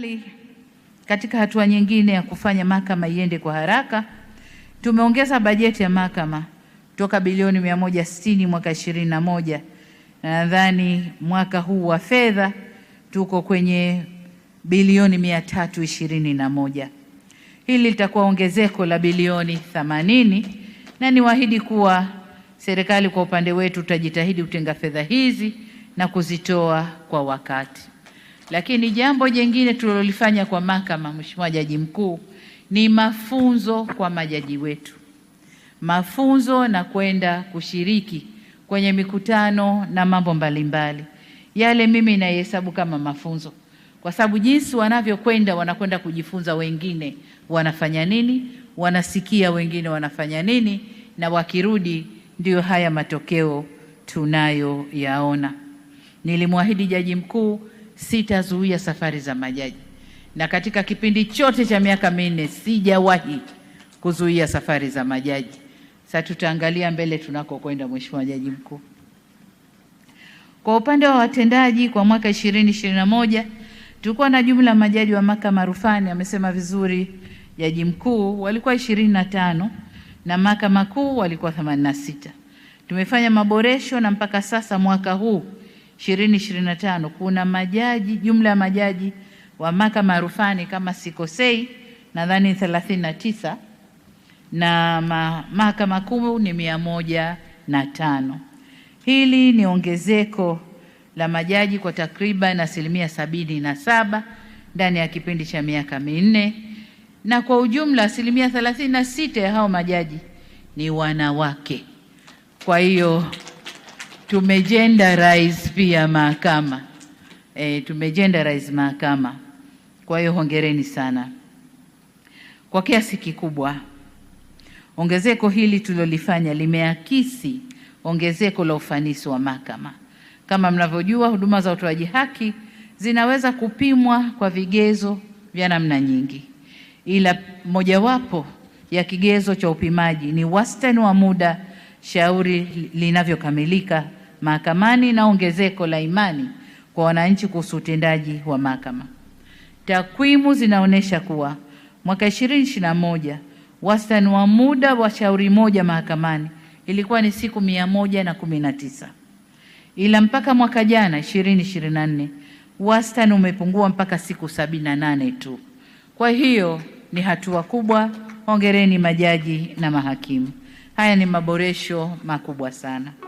Serikali katika hatua nyingine ya kufanya mahakama iende kwa haraka, tumeongeza bajeti ya mahakama toka bilioni 160 mwaka 21 na nadhani mwaka huu wa fedha tuko kwenye bilioni 321. Hili litakuwa ongezeko la bilioni 80, na niwaahidi kuwa serikali kwa upande wetu tutajitahidi kutenga fedha hizi na kuzitoa kwa wakati. Lakini jambo jengine tulilolifanya kwa mahakama, Mheshimiwa Jaji Mkuu, ni mafunzo kwa majaji wetu, mafunzo na kwenda kushiriki kwenye mikutano na mambo mbalimbali mbali. Yale mimi naihesabu kama mafunzo kwa sababu jinsi wanavyokwenda wanakwenda kujifunza wengine wanafanya nini, wanasikia wengine wanafanya nini, na wakirudi ndiyo haya matokeo tunayoyaona. Nilimwahidi Jaji Mkuu sitazuia safari za majaji, na katika kipindi chote cha miaka minne sijawahi kuzuia safari za majaji. Sasa tutaangalia mbele tunakokwenda, Mheshimiwa Jaji Mkuu. Kwa upande wa watendaji kwa mwaka 2021 tulikuwa na jumla majaji wa mahakama rufani, amesema vizuri Jaji Mkuu, walikuwa 25 na mahakama kuu walikuwa 86. Tumefanya maboresho na mpaka sasa mwaka huu 2025 kuna majaji jumla ya majaji wa mahakama ya rufani kama sikosei, nadhani 39 na mahakama kuu ni mia moja na tano. Hili ni ongezeko la majaji kwa takriban asilimia sabini na saba ndani ya kipindi cha miaka minne, na kwa ujumla asilimia thelathini na sita ya hao majaji ni wanawake. Kwa hiyo rais pia mahakama e, rais mahakama. Kwa hiyo hongereni sana kwa kiasi kikubwa. Ongezeko hili tulilolifanya limeakisi ongezeko la ufanisi wa mahakama. Kama mnavyojua, huduma za utoaji haki zinaweza kupimwa kwa vigezo vya namna nyingi, ila mojawapo ya kigezo cha upimaji ni wastani wa muda shauri linavyokamilika mahakamani na ongezeko la imani kwa wananchi kuhusu utendaji wa mahakama. Takwimu zinaonyesha kuwa mwaka 2021 wastani wa muda wa shauri moja mahakamani ilikuwa ni siku 119, ila mpaka mwaka jana 2024 wastani umepungua mpaka siku 78 tu. Kwa hiyo ni hatua kubwa. Hongereni majaji na mahakimu. Haya ni maboresho makubwa sana.